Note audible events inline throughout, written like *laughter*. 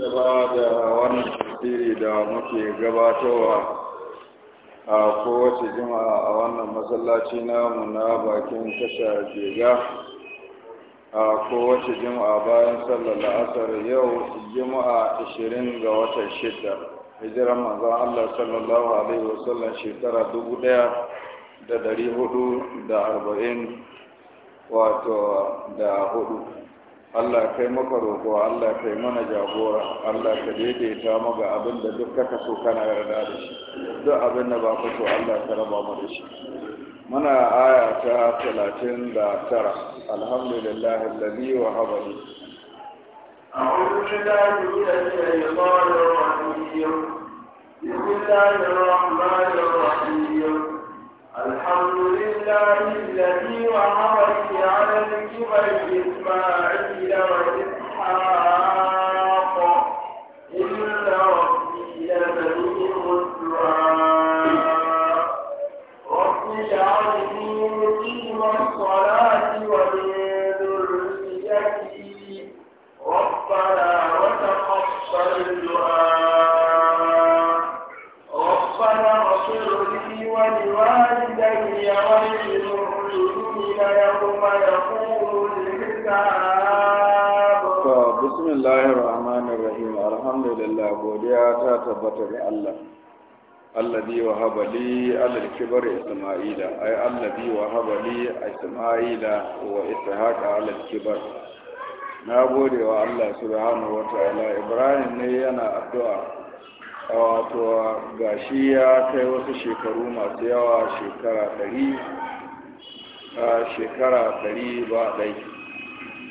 gaba da wannan tasiri da muke gabatowa a kowace jima'a a wannan masallaci namu na bakin tasha jega a kowace jima'a bayan sallar la'asar yau jima'a 20 ga watan shida hijiran manzan allah sallallahu alaihi wasallam shekara dubu da dari hudu da arba'in wato da hudu Allah kai maka roƙo Allah kai mana jagora Allah ka daidaita mu ga abin da duk kaka so kana yarda da shi duk abin da ba ka so Allah ka raba mu da shi muna aya ta 39 alhamdulillah alladhi wa habani a'udhu billahi minash الشيطان rajim بسم الله الرحمن الحمد لله الذي وهبك على الكبر إسماعيل وإسحاق إن ربي لسميع الدعاء allazi wa habali alal kibar isma'ila ay allazi wa habali isma'ila wa ishaqa alal kibar na gode wa Allah subhanahu wa ta'ala Ibrahim ne yana addu'a wato gashi ya kai wasu shekaru masu yawa shekara ɗari shekara 100 ba dai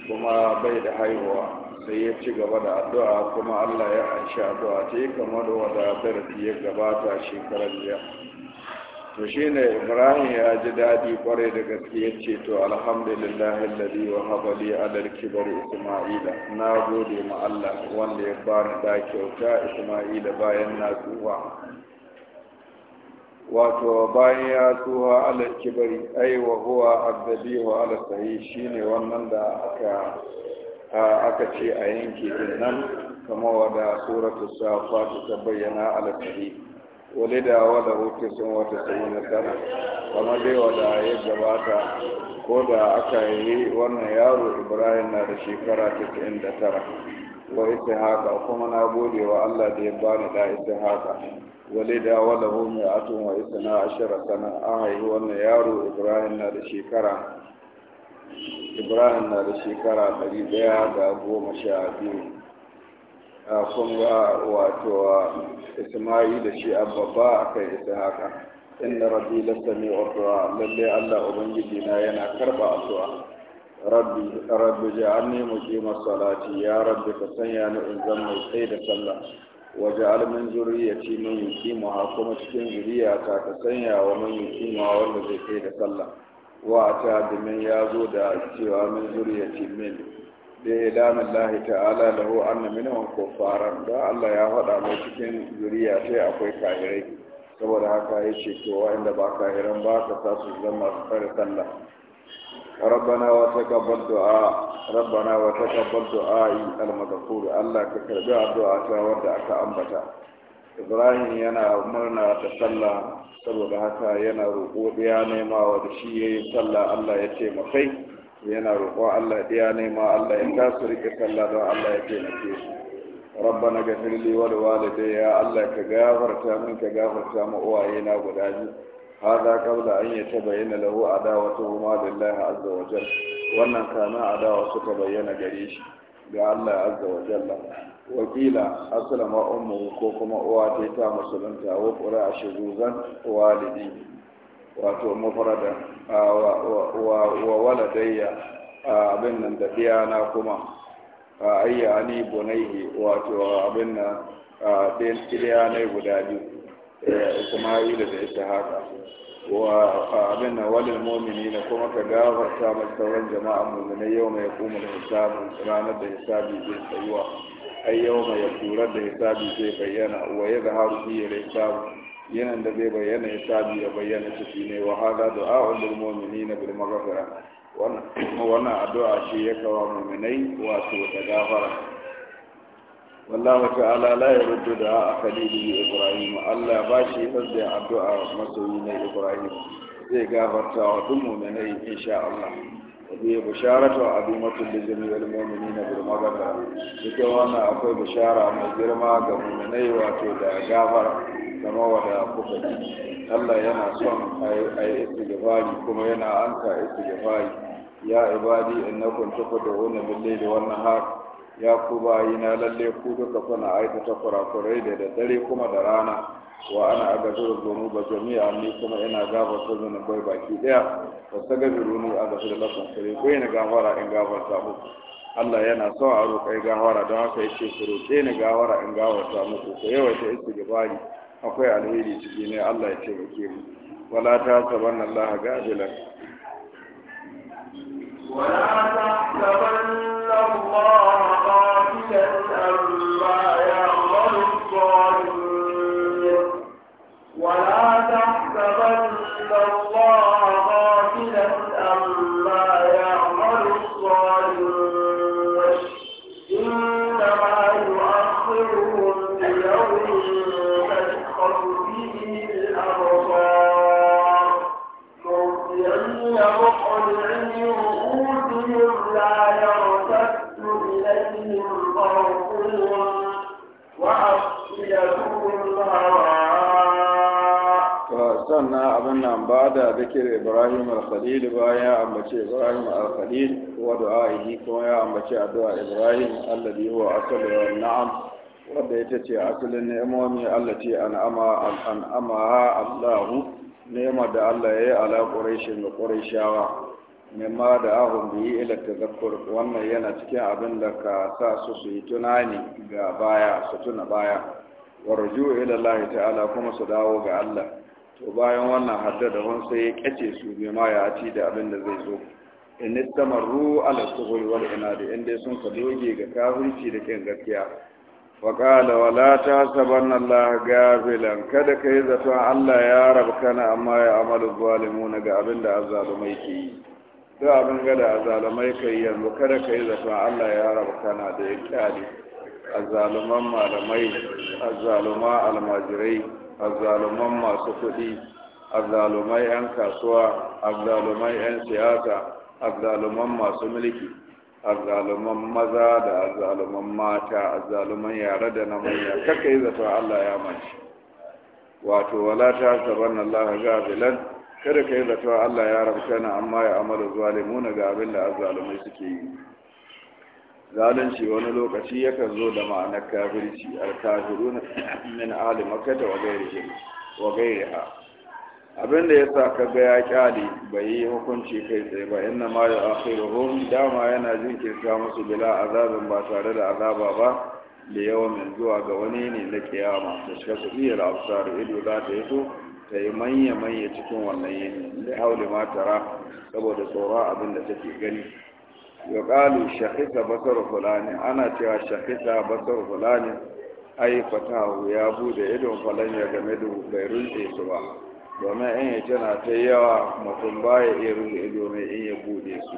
kuma bai da haihuwa sai ya ci gaba da addu'a kuma Allah ya anshi addu'a ta yi kamar wadda darasi ya gabata shekarar jiya to shi ne Ibrahim ya ji daɗi kwarai da gaske ya ce to alhamdulillah alladhi wa habali kibar Isma'ila na gode ma Allah wanda ya bani da kyauta Isma'ila bayan na tsuwa wato bayan ya tsuwa ala kibari ai wa huwa wa ala sahi shine wannan da aka aka ce a yanke din nan kama wada suratu safa ta bayyana alasari wale da wada hutu sun wata sanyi na sana kama dai wada ya gabata ko da aka yi wannan yaro ibrahim na da shekara 99 wa ita haka kuma na gode wa allah da ya bani da ita haka wale da wada hutu mai atun wa ita na ashirar sana an haihi wannan yaro ibrahim na da shekara ibrahim na da shekara ɗari ɗaya da goma sha biyu a wato isma'il da shi babba a kan isa haka Inda rabbi la sami'ur lalle allah ubangiji na yana karba asuwa. rabbi rabbi nemo kima salati ya rabbi ka sanya ni in zan mai tsaye da sallah wa ja'al min zurriyyati man kuma cikin zuriya ka sanya wa yi kima wanda zai tsaye da sallah wa domin ya zo da cewa min zuriyati min da dama lahi ta'ala da hu anna minhum kuffaran da Allah ya faɗa mai cikin zuriya sai akwai kahirai saboda haka ya ce to wa'anda ba kahiran ba ka sa su zama su fara sallah do'a وتقبل دعاء ربنا Allah ka المذكور addu'a ta wanda aka ambata. ibrahim yana murna da sallah saboda haka yana roƙo ɗaya nema wa da shi ya yi sallah allah ya ce mafai yana roƙo allah ɗaya nema allah ya kasu riƙe sallah don allah ya ce mafi rabbana gafir li wa walidai ya allah ka gafarta min ka gafarta ma uwaye na guda biyu hada qabla an bayyana lahu adawatuhuma lillahi azza wa jalla wannan kana adawa suka bayyana gare shi ga Allah azza wa jalla wakila aslama ummu ko kuma uwa ta ta musulunta wa qura shuzuzan walidi wato mafarada wa waladayya abin nan da diyana kuma ayya ani bunayhi wato abin nan ɗayan diyana guda biyu eh, Isma'ila da Ishaq وابن ولي المؤمنين كما كغافر سامر سوران جماعة مؤمنين يوم يقوم الحساب رانا الحساب زي سيوا أي يوم يقول الحساب زي بيانا ويظهر فيه الحساب yanan da zai bayyana hisabi ya bayyana ciki ne wa hada du'a lil mu'minina bil maghfirah wannan addu'a shi ya kawo mu'minai wato da gafara wallahu ta'ala la yaruddu a khalili ibrahim Allah bashi shi hujja addu'a masoyi na ibrahim zai gafarta wa duk mu'minai insha Allah وهي بشارة عظيمة لجميع المؤمنين بالمغفرة cikin wannan akwai bishara mai girma ga muminai wato da gafara kama wada kuka ji Allah yana son a yi istighfari kuma yana anka istighfari ya ibadi innakum taquduna bil-layli wan-nahar ya ku bayina lalle ku duka kuna aikata kurakurai da daddare kuma da rana wa ana agazir ba jami'a ni kuma ina gafarta bai baki daya wa a ni da lakum sai ko ina gawara in gafarta muku Allah yana so a roƙai gawara don haka yake ku roƙe ni gawara in gawarta muku ku yawaita gibari akwai alheri ciki ne Allah ya taimake mu wala ta saban Allah gafilan wala ta sabanna Allah zikir ibrahim al-khalil bayan ya ambace ibrahim al-khalil wa du'a'ihi kuma ya ambace addu'a ibrahim alladhi huwa aslu wa na'am wanda ita ce asalin ni'imomi allati an'ama an'ama Allah ni'imar da Allah ya yi ala quraishin da quraishawa mimma da ahun biyi ila tazakkur wannan yana cikin abin da ka sa su yi tunani ga baya su tuna baya wa rujuu ila ta'ala kuma su dawo ga Allah to bayan wannan haddada wansa ya kace su bai ma ya ci da abin da zai zo in istamaru ala suhul wal inadi inda sun ka doge ga kafirci da kin gaskiya wa qala wa la sabanna Allah gafilan kada kai zato Allah ya rabkana amma ya amalu zalimuna ga abin da mai ke yi da abin ga da azzalumai kai yanzu kada kai zato Allah ya rabkana da yake kyale malamai azzaluma almajirai azzaluman masu kuɗi azzalumai 'yan kasuwa azzalumai 'yan siyasa azaluman masu mulki azaluman maza da azaluman mata azaluman yare da na manya kaka yi zato Allah ya manci wato wala ta saban Allah abilan kada ka yi zato Allah ya rabu na amma ya amalu zalimuna ga abin da azzalumai suke yi zalunci wani lokaci yakan zo da ma'anar kafirci alkafiru *coughs* min ahli makkata wa ghairihim wa ghairiha abin da yasa ka ga ya kyale bai yi hukunci kai tsaye ba inna ma ya akhiruhum dama yana jin jinkirta musu bila azabin ba tare da azaba ba da yawan zuwa ga wani ne na kiyama da shi su iya da ido za ta yi so ta yi manya-manya cikin wannan yini da haulima tara saboda tsoron abin da take gani ya ƙalu shahisa basar fulani ana cewa shahisa basar fulani ai fatahu ya bude idon falon ya game da bai rutse su ba domin in ya tana ta yawa mutum ya iya rutse ido mai in ya bude su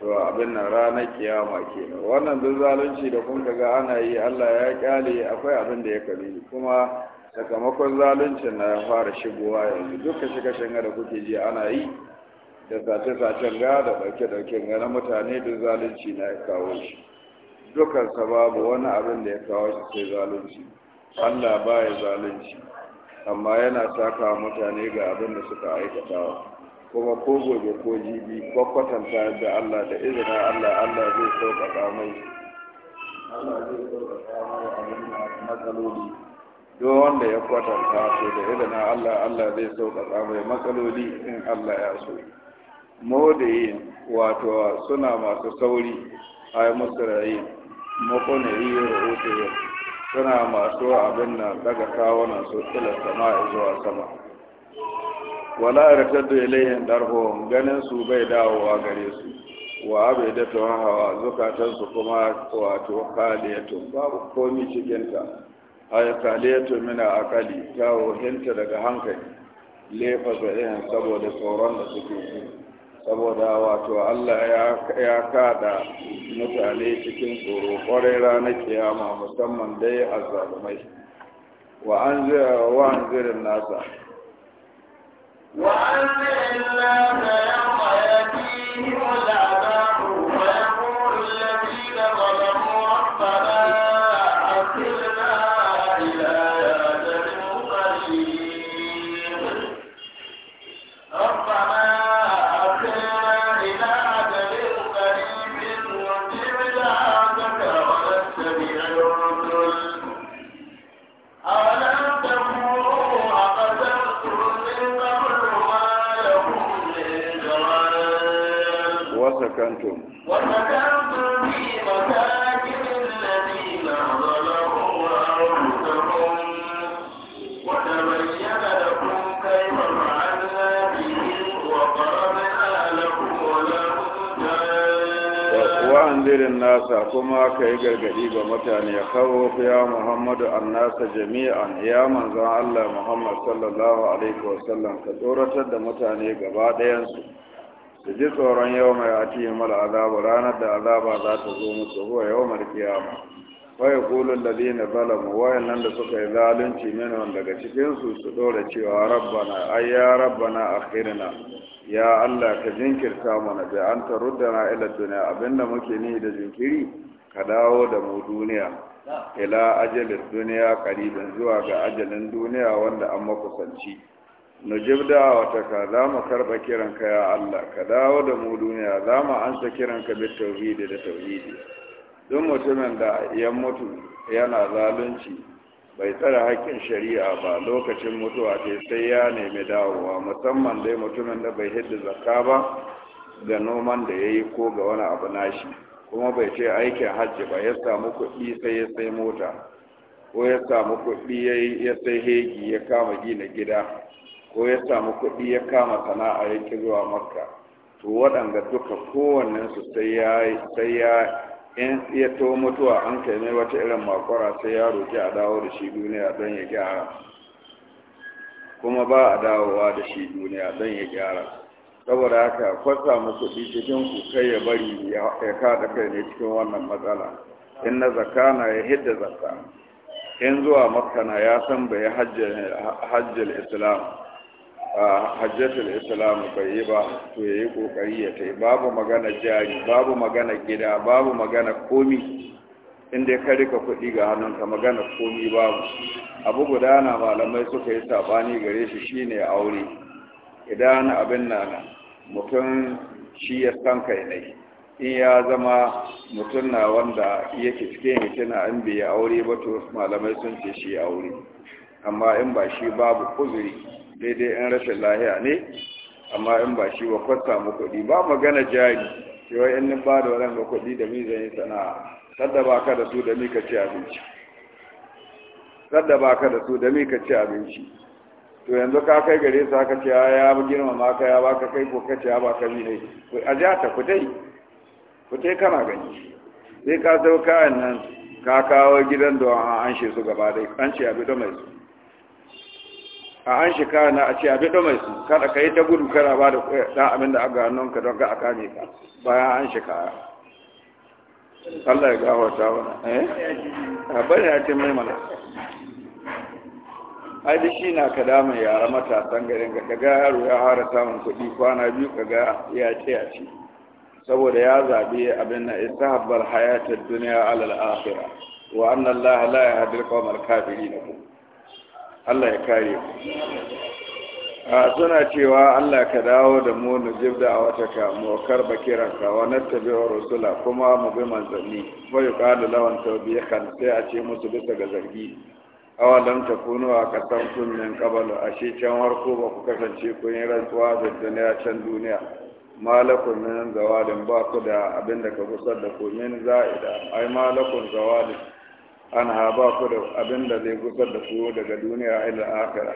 to abin nan ranar kiyama kenan wannan duk zalunci da kun ga ana yi Allah ya kyale akwai abin da ya kalli kuma sakamakon zalunci na ya fara shigowa yanzu duka shiga shanga da kuke ji ana yi da sace-sacen ga da ɗauke-ɗauken ga na mutane duk zalunci na ya kawo shi dukkan sababu wani abin da ya kawo shi sai zalunci allah ba ya zalunci amma yana saka mutane ga abin da suka aikatawa kuma ko gobe ko jibi kwakwatanta da allah da izina allah allah zai sauƙaƙa mai allah zai sauƙaƙa mai abin matsaloli don wanda ya kwatanta so da izina Allah Allah zai sauƙaƙa mai matsaloli in Allah ya so. modeyi wato suna masu sauri a yi musulayi makonari rahoto suna masu abin nan daga kawunan su sama zuwa sama wala a rikardu darho ganin su bai dawowa gare su wa abai da tuwan hawa zukatansu kuma wato kaliyatu babu komi cikinta a yi kaliyatu mina akali ta hinta daga hankali lefa zai saboda tsoron da suke yi saboda wato Allah ya kada mutane cikin tsoro kwarai ranar kiyama musamman dai zalumai wa an zirin nasa wa an zirin nasa yamma ya fi yi aka yi gargadi ga mutane ya kawo ya muhammadu annasa jami'an ya manzan allah muhammad sallallahu alaihi wasallam ka tsoratar da mutane gaba ɗayansu su ji tsoron yau mai ati mal azaba ranar da azaba za ta zo musu huwa yau mai kiyama waya kulun da zina zalamu wayannan da suka yi zalunci min daga cikinsu su ɗora cewa rabbana ai ya rabbana akhirna ya Allah ka jinkirta mana da an ta ruddana ila duniya abinda muke ni da jinkiri ka dawo da mu duniya ila ajalin duniya karibin zuwa ga ajalin duniya wanda an makusanci nujib da wata ka za mu karɓa kiranka ya Allah ka dawo da mu duniya za mu ansa kiranka bi tauhidi da tauhidi duk mutumin da ya mutu yana zalunci bai tsara haƙƙin shari'a ba lokacin mutuwa ce sai ya nemi dawowa musamman dai mutumin da bai hidda zakka ba ga noman da ya yi ko ga wani abu nashi kuma bai ce aikin hajji ba ya samu kuɗi sai ya sai mota ko ya samu kuɗi ya sai hegi ya kama gina gida ko ya samu kuɗi ya kama sana'a ya ki zuwa makka to waɗanda duka kowannensu sai ya sai ya in ya to mutuwa an kai mai wata irin makwara sai ya roki a dawo da shi duniya don ya gyara kuma ba a dawowa da shi duniya don ya gyara saboda haka kwasa musu cikin ku kai ya bari ya kada kai ne cikin wannan matsala in na na ya hidda zakka in zuwa makka na ya san bai hajjal islam hajjatul islam bai yi ba to ya yi kokari ya kai. babu magana jari babu magana gida babu magana komi inda ka rika kuɗi ga hannunka magana komi babu abu guda malamai suka yi saɓani gare shi shine aure idan abin nana. mutum shi ya san kai ne in ya zama mutum na wanda yake cikin hikina an biya aure ba to malamai sun ce shi aure amma in ba shi babu kuzuri daidai in rashin lahiya ne amma in ba shi ba kwata mu kuɗi ba magana jari cewa in nan ba da waɗanda kuɗi da mi zai sana'a sadda ba ka da su da mi ka ci abinci sadda ba ka da su da mi ka ci abinci to yanzu ka kai gare sa ka ce ya bi ma ka ya baka kai ko ka ce ya baka bi ne a ja ta kudai dai kana gani sai ka zo kayan nan ka kawo gidan da an anshe su gaba dai an ce abi mai su a an shi kayan na a ce abi mai su kada ka yi ta gudu kana ba da dan eh, abin da aka hannun ka don ka aka ne ka bayan an shi kaya Allah ya ta mana eh a bari a ce mai mana ai shi na ka dama yara matasan garin ga kaga yaro ya fara samun kuɗi kwana biyu kaga ya ce ya ce saboda ya zabi abin na istahabbar hayatar duniya alal akhira wa anna allaha la yahdi al-qawmal kafirin Allah ya kare ku a suna cewa Allah ka dawo da mu nu jibda a wata ka mu karba ka, wa nattabi'u rusula kuma mu bi manzanni fa yuqalu lawan kan sai a ce musu bisa ga zargi awalam ta kuno a kasan min kabalu ashe can harko ba ku kasance kun yi rantsuwa da duniya can duniya malakun min zawalin ba ku da abin da ka gusar da ku min za'ida ai malakun zawalin an ha ba ku da abin da zai gusar da ku daga duniya ila akhira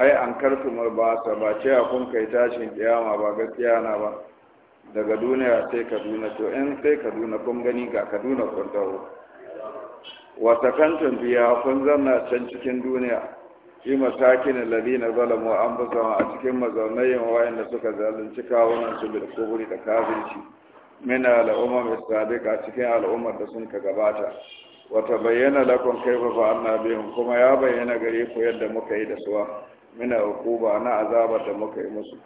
ai an karku ba sa ba ce a kun kai tashin kiyama ba gaskiya na ba daga duniya sai kaduna to in sai kaduna kun gani ga kaduna kun taho wata kantun biya kun zanna can cikin duniya shi masakin ladina zalamu an busa a cikin wayan da suka zalunci kawunan su bil kuburi da kafirci min umam sabiqa cikin al'ummar da sun ka gabata wata bayyana lakon kaifa fa annabihim kuma ya bayyana gare ku yadda muka yi da suwa mina hukuba na azabar da muka yi musu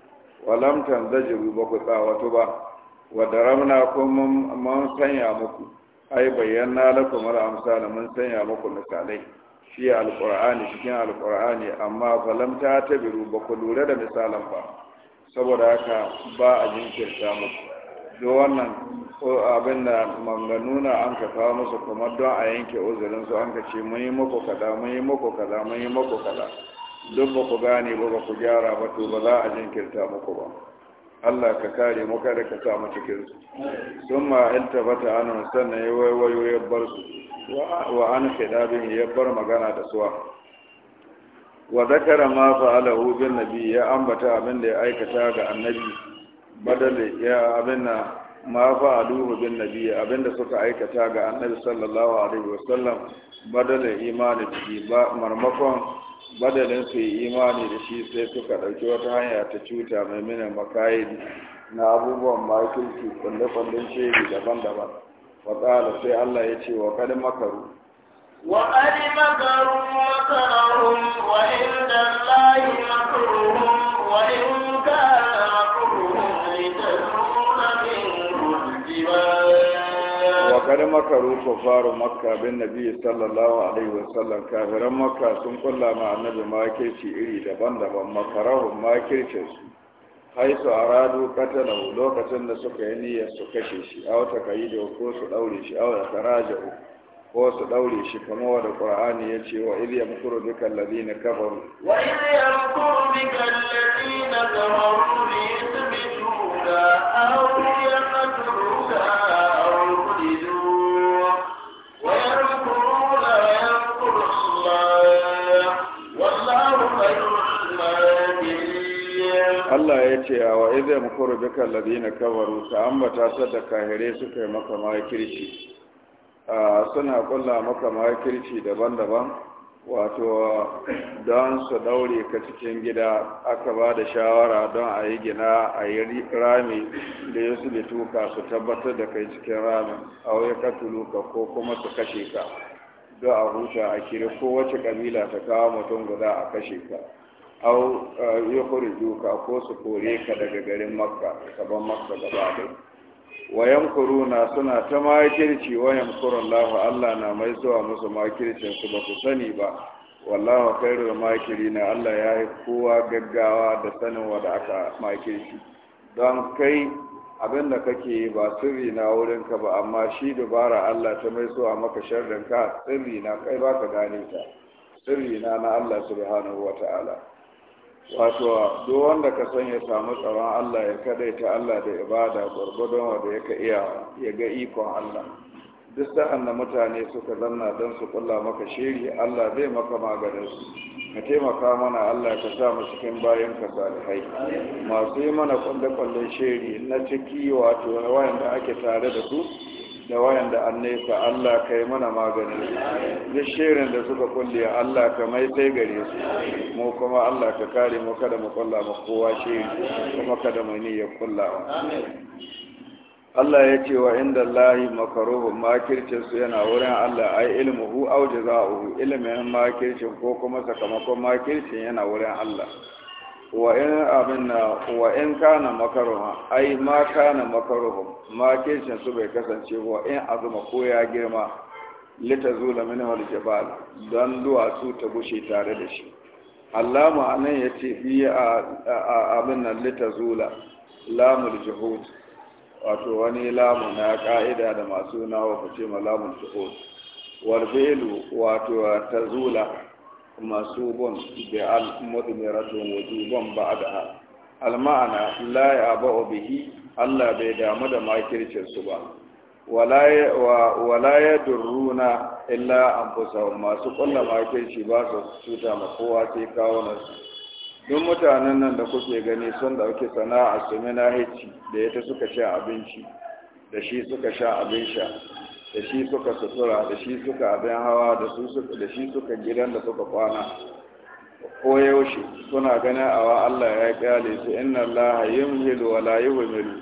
walam tanzajiru ba ku tsawatu ba wa daramna kuma mun sanya muku ai bayyana lakum al-amsal mun sanya muku misalai shi alqur'ani cikin qur'ani amma falam ta tabiru ba ku lura da misalan ba saboda haka ba a jinkirta muku do wannan ko abin da manganuna an ka kawo musu kuma don a yanke uzurin su an ka ce mun yi muku kaza mun yi muku kaza mun yi muku kaza duk ba ku gane ba ba ku gyara ba to ba za a jinkirta muku ba Allah ka kare mu kada ka sa mu cikin su sun ma iltabata ana sannan ya waiwayo ya bar su wa an khidabin ya bar magana da suwa wa zakara ma fa'alahu bin nabi ya ambata abin da ya aikata ga annabi badale ya abin na ma fa'aluhu bin nabi abin da suka aikata ga annabi sallallahu alaihi wasallam badale imani ba marmakon badalin su yi imani da shi sai suka ɗauki wata hanya ta cuta mai minin makayin na abubuwan makilci kwalle-kwallen daban-daban faƙala sai Allah ya ce wa kadi makaru wa kadi makaru wa wa in kada makaru kufaru makka bin nabi sallallahu alaihi wasallam kafiran makka sun kulla ma annabi makirci iri daban-daban makarahun makircin su haisu aradu katalahu lokacin da suka yi niyyar su kashe shi aw takayidu ko su daure shi aw tarajahu ko su daure shi kamar wanda qur'ani ya ce wa idh yamkuru bika alladhina kafaru wa idh yamkuru bika alladhina kafaru li yuthbituka aw yaqtuluka Allah ya ce a wa izai mukuru bika ladina kabaru ka ambata ta da kahire suka yi maka makirci suna kulla maka makirci daban-daban wato don su daure ka cikin gida aka ba da shawara don a yi gina a yi rami da ya su lituka su tabbatar da kai cikin ramin a wai tuluka ko kuma su kashe ka don a huta a kiri kowace kabila ta kawo mutum guda a kashe ka au eh, yukhrijuka ko su kore ka daga garin makka saban makka gaba wayan kuruna suna ta makirci wayan kurallahu Allah na mai zuwa musu makircin su ba su sani ba wallahu khairul makirina Allah ya yi kowa gaggawa da sanin wanda aka makirci don kai abin da kake ba sirri na wurin ka ba amma shi dubara Allah ta mai zuwa maka sharrin ka sirri na kai baka gane ta sirri na na Allah subhanahu wataala wato duk wanda ka san ya samu tsaron Allah ya ta Allah da ibada gwargwadon wanda yaka iya ya ga ikon Allah duk sa'an da mutane suka zanna don su kula maka shiri Allah zai maka maganin su ka taimaka mana Allah ka sa mu cikin bayan ka salihai masu yi mana kwalle-kwallen shiri na ciki wato wayan da ake tare da su da wayanda an nesa Allah ka yi mana magani duk shirin da suka kulle Allah ka mai sai gare su mu kuma Allah ka kare mu kada mu kulla mu kowa shi kuma kada mu kulla kullawa Allah ya ce wa inda lahi makircin su yana wurin Allah ai ilmuhu au jaza'uhu ilmin makircin ko kuma sakamakon makircin yana wurin Allah wa'in abin na wa'in kana makaruwa ai ma kana makaruwa ma kishin su bai kasance wa'in azuma ko ya girma lita zula mini wal jabal don duwatsu ta gushe tare da shi Allah ma'anan ya ce fi a abin nan lita zula lamul jihud wato wani lamu na ka'ida da masu nawa ku ce ma lamul jihud warbelu wato ta zula masubun bi al-mudmiratun wujuban ba'daha al-ma'ana la ya'ba'u bihi Allah bai damu da makircin su ba wala ya durruna illa anfusahum masu kulla makirci ba su cuta ma kowa sai kawo su duk mutanen nan da kuke gani sun ɗauki sana'a su mina hici da ita suka sha abinci da shi suka sha abin sha da shi suka sutura da shi suka abin hawa da shi suka gidan da suka kwana ko yaushe suna ganin awa Allah ya kyale su inna Allah yumhilu wa la yuhmilu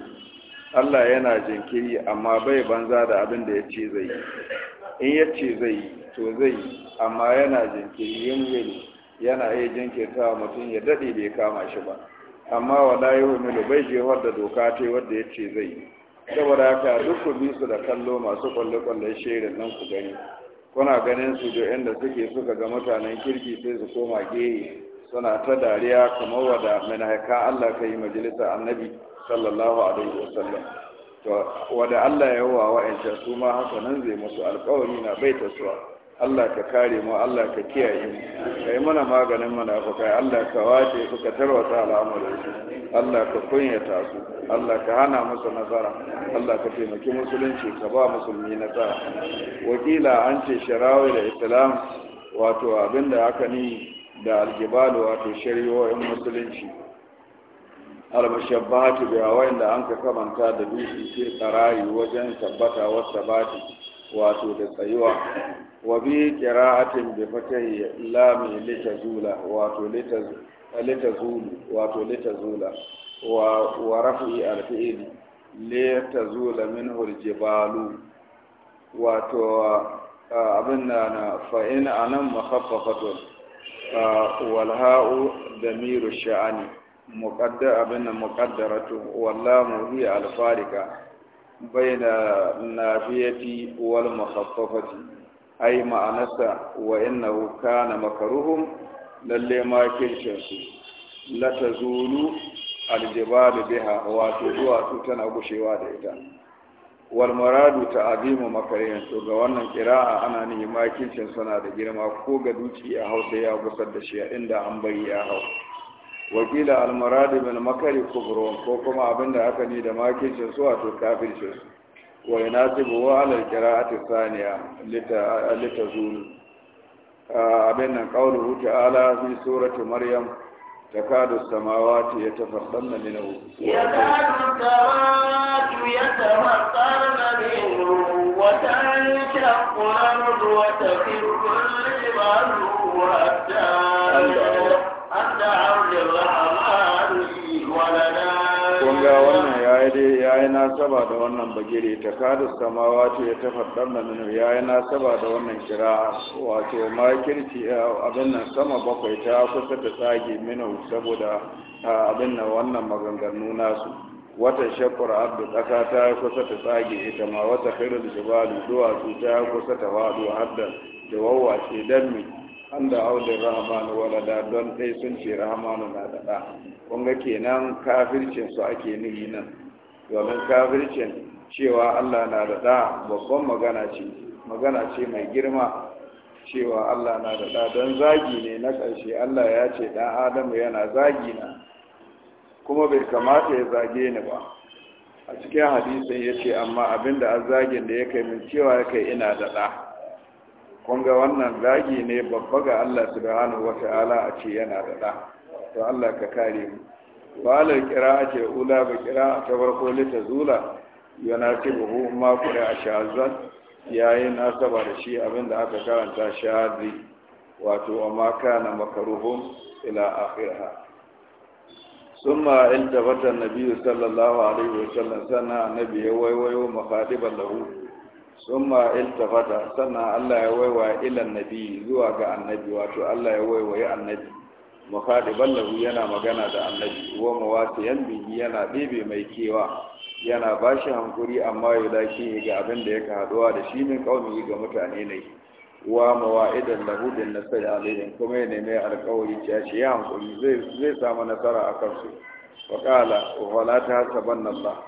Allah yana jinkiri amma bai banza da abin da ya zai yi in ya ce zai to zai amma yana jinkiri yumhil yana iya jinkirta mutum ya dade bai kama shi ba amma wa la yuhmilu bai jewar da doka ta wanda ya ce zai saboda haka duk ku bi su da kallo masu kwalle-kwalle shirin nan ku gani kuna ganin su da inda suke suka ga mutanen kirki sai su koma gehe suna ta dariya kamar wada manahaka Allah ka yi majalisa annabi sallallahu alaihi wasallam to wada Allah ya wa wa'ancan su ma haka nan zai musu alƙawari na baita suwa Allah ka kare mu Allah ka kiyaye mu kai mana maganin munafikai Allah ka wace su ka tarwata al'amuran Allah ka kunyata su Allah ka hana musu nasara Allah ka taimaki musulunci ka ba musulmi nasara wakila an ce sharawi da islam wato abinda aka ni da aljibalu wato shari'o'in musulunci almashabbatu bi hawain da an ka kamanta da dutse ke tsarayi wajen tabbata wasu bati wato da tsayuwa wa bi qira'atin bi fatahi lam litazula wato litazulu wato litazula wa wa rafi al-fi'l zula minhu al-jibalu wato abin da na fa'in a nan wal ha'u da miru sha'ani abin da muƙaddaratun wallamu hiya alfarika bai da nafiyati wal mahaifafati ai ma'anarsa wa innahu kana makaruhum lalle ma kirkin su la tazulu aljibalu biha wato duwatsu tana gushewa da ita wal muradu ta'zimu makarin su ga wannan kira'a ana nihi makincin sana da girma ko ga duci a hausa ya gusar da shi inda an bari ya hau wakila al muradu bil makari ko kuma abinda aka ni da makincin su wato kafircin su ويناسب هو على القراءة الثانية لتزول آه، أبنا قوله تعالى في سورة مريم تكاد السماوات يتفطرن منه يكاد السماوات يتفطرن منه وتنشق الأرض وتفر الجبال حتى أن دعوا للرحمن ولدا ya yi nasaba da wannan bagire ta kada samawa ce ya tafaddar da minu ya yi nasaba da wannan kira wato makirci abin nan sama bakwai ta kusa da tsage minu saboda abin nan wannan maganganu nasu wata shakwar abdu ƙasa ta kusa ta tsage ita ma wata khairar jibalu duwatsu ta kusa ta faɗo hadda da wawwace dan mai an da audin rahamanu walada don ɗai sun ce rahamanu na daɗa ga kenan kafircin su ake nuhi nan domin kafircin cewa Allah na da ɗa babban magana ce magana ce mai girma cewa Allah na da ɗa don zagi ne na ƙarshe Allah ya ce ɗan Adamu yana zagi na kuma bai kamata ya zage ni ba a cikin hadisin ya ce amma abinda an zagin da ya kai min cewa ya kai ina da ɗa kun ga wannan zagi ne babba ga Allah subhanahu wa ta'ala a ce yana da ɗa to Allah ka kare mu balar kira ce ula ba kira ta farko lita zula yana ce ba hu makure a shahazan yayin na saba da shi abinda aka karanta shahazi wato a maka na makaruhun ila akhirha sun ma yin tabbatar na sallallahu alaihi wa sallam sana na biya waiwayo mafadiban lahu sun ma yin tabbatar sana allah ya waiwa ilan nabi zuwa ga annabi wato allah ya waiwaye annabi mukhadiban lahu yana magana da annabi wa mawatiyan bihi yana ɗebe mai kewa yana bashi hankuri amma ya dace ga abin da yake haduwa da shi ne kaumi ga mutane ne wa mawa'idan lahu na nasari alaihim kuma ya nemi alkawari ya ce ya hankuri zai zai samu nasara a kansu wa qala wa la tahsabanna Allah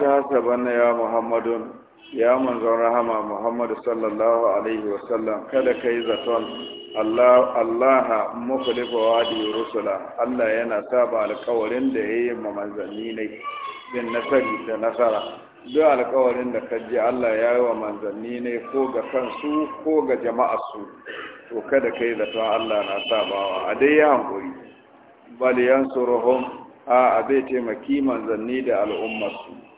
ta hasabanna ya muhammadun ya manzon rahama muhammadu sallallahu alaihi wasallam kada ka yi zaton allaha da wadi rusula allah yana saba alkawarin da ya yi manzanni ne bin nasari da nasara duk alkawarin da ka ji allah ya yi wa manzanni ne ko ga kansu ko ga jama'arsu to kada ka yi zaton allah na sabawa a dai ya hankuri bal yansuruhum a zai taimaki manzanni da al'ummarsu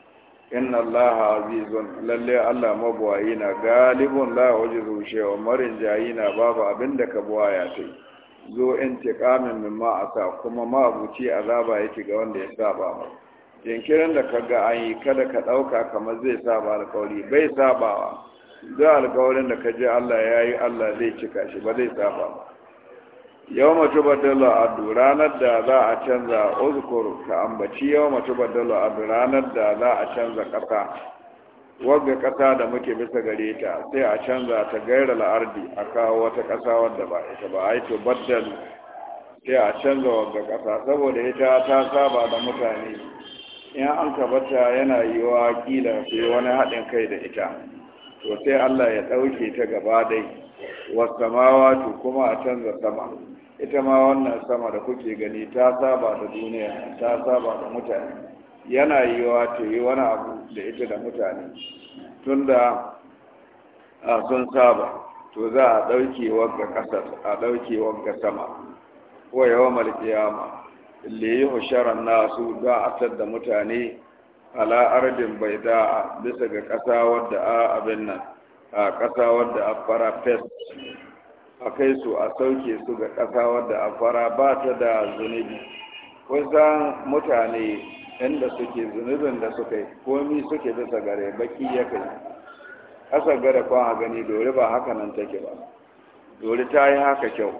inna Allah azizun lalle Allah mabuwayi na galibin la wajizu marin jayi na babu abinda ka buwaya tai zo intiqamin mimma asa kuma maabuci azaba yake ga wanda ya saba ma. jinkirin da ka ga an yi kada ka ɗauka kamar zai saba alkawari bai sabawa duk alkawarin da ka ji Allah ya yi Allah zai cika shi ba zai saba ba yau mace badala adu ranar da za a canza uzkur ka ambaci yau mace badala adu ranar da za a canza ƙasa wagga ƙasa da muke bisa gare ta sai a canza ta gairar ardi a kawo wata ƙasa wadda ba ita ba a yi to baddal sai a canza wagga ƙasa saboda ita ta saba da mutane in an kabata yana yi wa kila yi wani haɗin kai da ita to sai allah ya ɗauke ta gaba dai wasu samawa kuma a canza sama ita ma wannan sama da kuke gani ta saba da duniya ta saba da mutane yana wa ta yi wani abu da ita da mutane tunda a sun saba to za a ɗauke wagga ƙasar a ɗauke wagga sama wa yawa malkiyama yi hushara nasu za a da mutane ala ardin bai da'a bisa ga ƙasa wadda a abin nan a ƙasa wadda a fara fes a kai su a sauke su ga ƙasa wadda a fara ba ta da zunubi wasu mutane inda suke zunubin da suka yi komi suke bisa gare baki ya kai ƙasar gare kwan a gani dori ba haka nan take ba dori ta yi haka kyau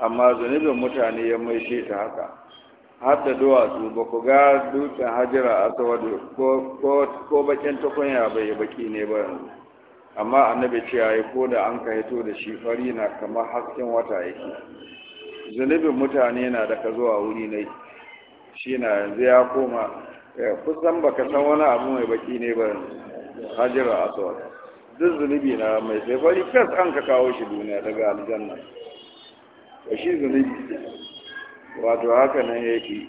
amma zunubin mutane ya shi ta haka har da duwatsu ba ku ga dutsen hajjira a ko bakin tukunya bai baki ne ba yanzu amma annabi ce yayi ko da an ka hito da shi fari na kamar hasken wata yake zunubin mutane na da ka zuwa wuri ne shi na yanzu ya koma eh, kusan baka san wani abu mai baki ne ba hajjira tsawon. duk zunubi na mai sai fari kas an ka kawo shi duniya daga aljanna to shi zunubi wato haka nan yake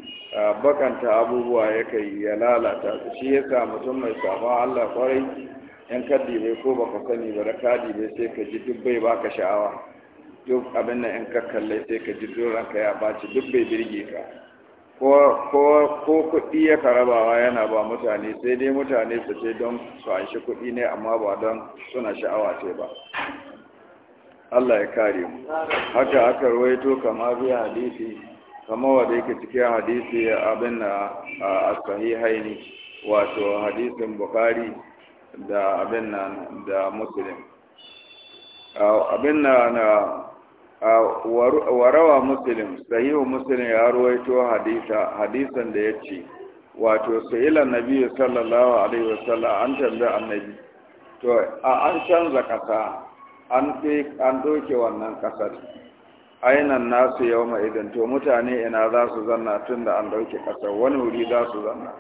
bakanta abubuwa yake ya lalata shi yasa mutum mai safa Allah kwarai in kaddi bai ko baka sani ba da ka dibe sai ka ji duk bai baka sha'awa duk abin nan in ka sai ka ji duk ranka ya baci duk bai birge ka ko kuɗi ya karabawa yana ba mutane sai dai mutane su ce don su an kuɗi ne amma ba don suna sha'awa ce ba Allah ya kare mu haka aka rawaito kama biya hadisi kama wanda yake cikin hadisi abin na a sahihaini wato hadisin bukari da abin nan da muslim abin nan warawa muslim sahihu muslim ya ruwaito hadisa hadisan da ya ce wato sayila nabi sallallahu alaihi wasallam an tambaye annabi to a an canza kasa an doke wannan kasar ainan nasu yau idan to mutane ina za su zanna tun da an dauke kasar wani wuri za su zanna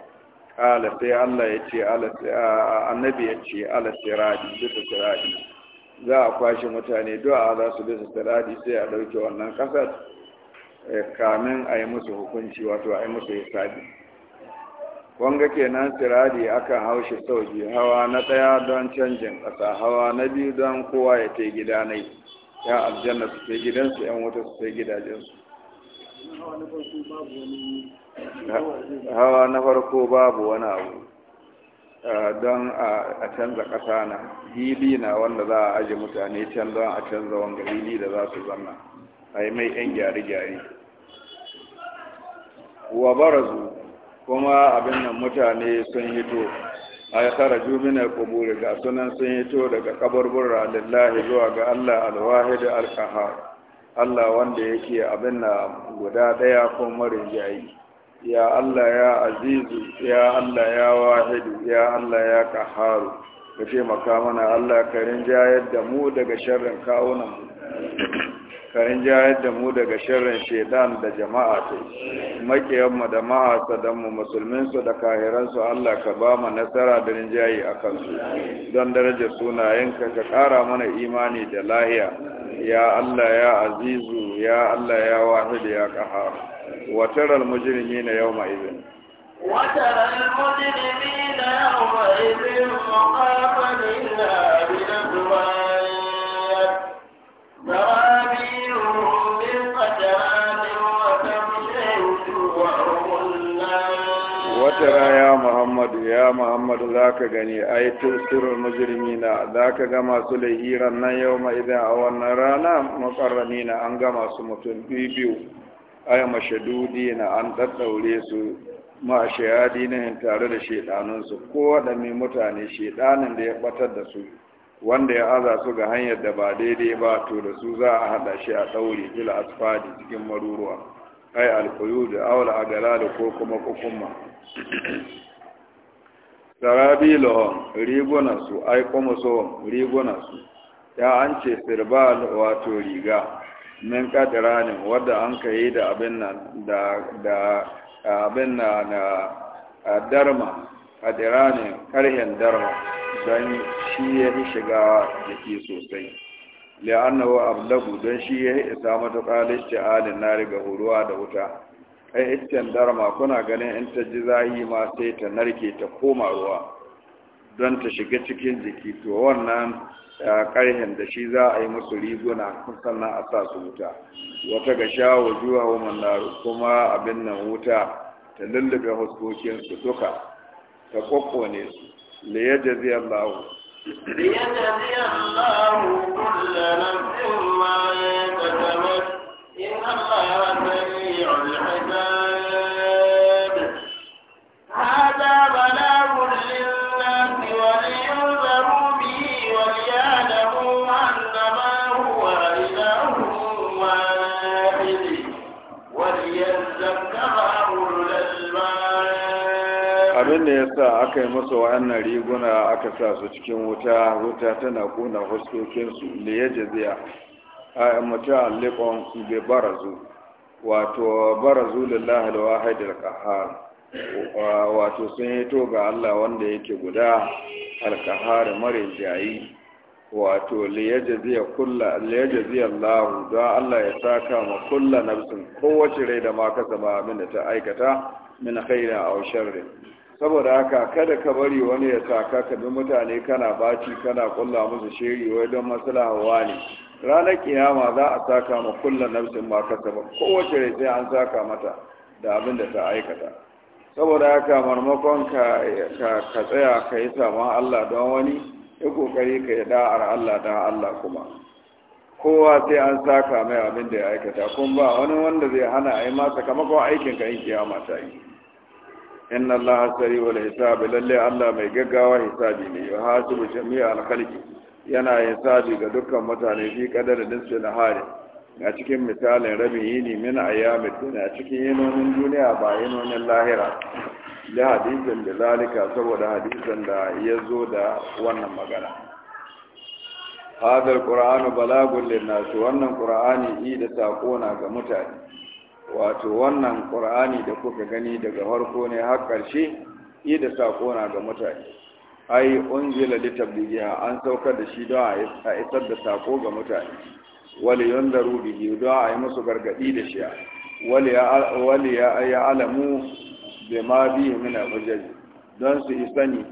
kala sai Allah ya ce annabi ya ce ala siradi bisa siradi za a kwashe mutane du'a za su bisa siradi sai a ɗauke wannan ƙasar kamin a yi musu hukunci wato a yi musu hisabi wanga kenan siradi akan haushe sau biyu hawa na ɗaya don canjin ƙasa hawa na biyu don kowa ya ce gida yi ya aljanna su ta gidansu yan wuta su ta gidajensu hawa na farko babu wani abu don a canza ƙasa na hili na wanda za a aji mutane can don a canza wanga hili da za su zanna a yi mai 'yan gyare-gyare wa barazu kuma abin nan mutane sun hito a ya tara juminar kuburi ga sunan sun hito daga kaburbura lillahi zuwa ga allah alwahid alkahar allah wanda yake abin na guda daya ko marin jayi ya Allah ya azizu ya Allah ya wahidu ya Allah ya kaharu ka taimaka mana Allah karin rinjayar da mu daga sharrin kawuna, karin rinjayar da mu daga sharrin shaidan da jama'a ta makiyanmu da ma'asadanmu musulminsu da kahiransu Allah ka ba mu nasara da rinjaye a kansu don darajar sunayenka ka ƙara mana imani da lahiya ya Allah ya azizu ya Allah ya wahid ya ƙahar وترى المجرمين يومئذ وترى المجرمين يومئذ مقافا إلا Wata ya Muhammadu, ya Muhammadu za ka gani a yi tursurin mujirmina, za ka gama su da hiran nan yau ma idan a wannan rana makarramina an gama su mutum biyu. aya mashadudi na an daddaure su ma shayadi na tare da shedanun su ko wadanne mutane shedanin da ya batar da su wanda ya aza su ga hanyar da ba daidai ba to da su za a hada shi a daure fil asfadi cikin maruruwa ay alquyud aw al ko kuma kukumma rigona su ai kuma so su. ya an ce sirbal wato riga min kadiranin wadda an ka yi da abin nan da abin na na darma kadiranin karhen darma don shi ya fi shiga jiki sosai li'annahu ablagu don shi ya isa matuƙa listi'alin na riga huruwa da wuta ai iccen darma kuna ganin in ta ji zahi ma sai ta narke ta koma ruwa don ta shiga cikin jiki to wannan ƙarhen da shi za a yi musu riguna sannan a sa su wuta wata ga sha wa juwa wa kuma abin nan wuta ta lullube su duka ta ne su da ya jazi Allah Allah ya abin da ya sa aka yi masa wa'annan riguna aka sa su cikin wuta wuta tana kuna huskokinsu ne ya jaziya a mutu alikon be barazu wato barazu lillahi da wahidar kahar wato sun to ga allah wanda yake guda alkahar mara jayi wato liyajaziya allahu don allah ya saka ma kulla nafsin kowace rai da ma kasa ma abin da ta aikata min khairin aw sharrin saboda haka kada ka bari wani ya saka ka bi mutane kana baci kana kulla musu shiri wai don hawa ne ranar kiyama za a saka ma kulla nafsin ma kasaba kowace rai sai an saka mata da abin da ta aikata saboda haka marmakon ka ka tsaya ka yi sama Allah don wani ya kokari ka yi da'ar Allah don Allah kuma kowa sai an saka mai abin da ya aikata kuma ba wani wanda zai hana a yi ma sakamakon aikin ka in kiyama ta yi inna allaha sari'ul hisab lalle allah mai gaggawa hisabi ne ya hasibu jami'al khalqi yana hisabi ga dukkan mutane fi qadar nisfi nahari a cikin misalin rabin yini min ayyamin duniya cikin yinonin duniya ba yinonin lahira da hadisin da zalika saboda hadisin da ya zo da wannan magana hadar ƙura'anu balagun linnasu wannan Kur'ani yi da na ga mutane wato wannan ƙur'ani da kuka gani daga harko ne har ƙarshe yi da ga mutane ai unzila li an saukar da shi don a isar da sako ga mutane wal yundaru bihi don a yi musu gargadi da shi wal ya ya alamu ma bihi min al don su isani sani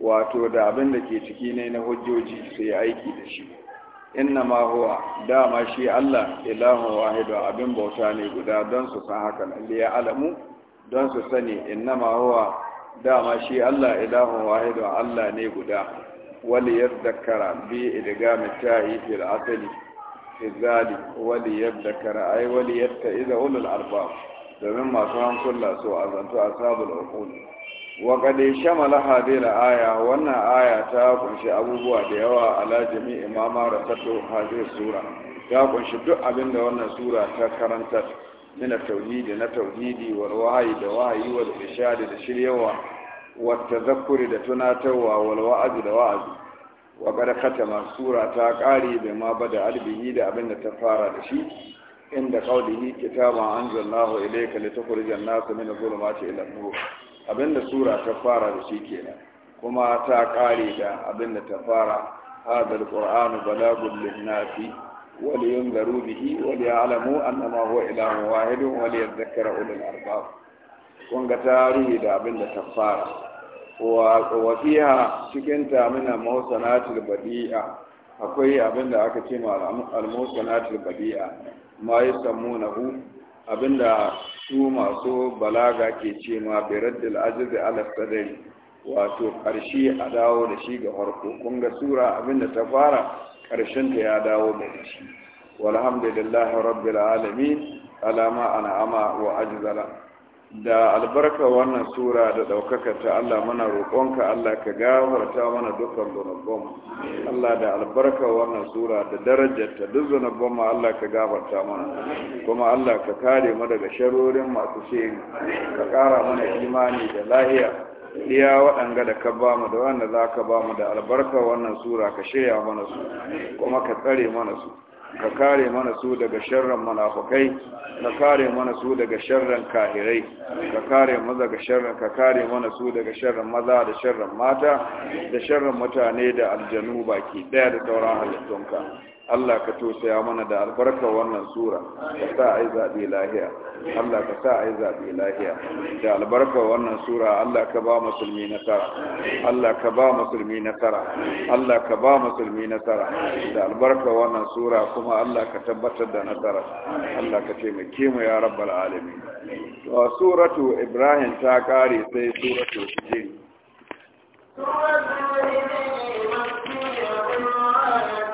wato da abin da ke ciki ne na hujjoji su yi aiki da shi inna ma huwa dama shi Allah ilahun wahidu abin bauta ne guda don su san haka nan liya alamu don su sani inna ma huwa dama shi Allah ilahun wahidu Allah ne guda wali yadhakkara bi idgami ta'i fil asli izali wali yadhakkara ay wali yatta'iza ulul albab domin masu hankula su azantu asabul uqul waƙade malaha hadila aya wannan aya ta kunshi abubuwa da yawa ala jami'i mama rasattu sura ta kunshi duk abin da wannan sura ta karanta min tauhidi na tauhidi wal wahayi da wahayi wal irshad da shiryawa wa tadhakkuri da tunatarwa wal wa'azi da wa'azi wa qad khatama sura ta ƙare bai ma bada albihi da abin da ta fara da shi inda qawlihi kitaban anzalallahu ilayka litukhrijan nasa min dhulumati ila nur abinda sura ta fara da shi kenan kuma ta kare da abinda ta fara hadal qur'anu balagul linnasi wal yunzaru bihi wal ya'lamu annama huwa ilahu wahidun wal yadhakkara ulul albab kun ga tarihi da abinda ta fara wa fiha cikin ta muna mawsanatul badi'a akwai abinda aka ce ma al-mawsanatul badi'a ma yasmunahu abinda su masu balaga ke ce ma biraddil ajizi ala wato ƙarshe a dawo da shi ga farko kun ga sura abinda ta fara ƙarshen ta ya dawo da shi walhamdulillahi rabbil alamin alama an'ama wa ajzala da albarka wannan sura da ɗaukaka ta Allah mana roƙonka Allah ka gafarta mana dukkan mu Allah da albarka wannan sura da darajarta duk mu, Allah ka gafarta mana kuma Allah ka kare mu daga sharorin masu shiri ka ƙara mana imani da lahiya iya waɗanga da ka ba mu da wanda za ka ba mu da albarka wannan sura ka shirya mana su kuma ka tsare mana su ka kare mana su daga sharran munafukai ka kare mana su daga sharran kahirai ka kare mu daga sharran ka kare mana su daga sharran maza da sharran mata da sharran mutane da aljanu baki daya da sauran halittunka Allah ka tosaya mana da albarkar wannan sura ka sa ai zaɓe lahiya Allah ka sa ai zaɓe lahiya da albarkar wannan sura Allah ka ba musulmi nasara Allah ka ba musulmi nasara Allah ka ba musulmi nasara da albarkar wannan sura kuma Allah ka tabbatar da nasara Allah ka taimake mu ya rabbal alamin to suratu Ibrahim ta kare sai suratu Hijr Suratu Hijr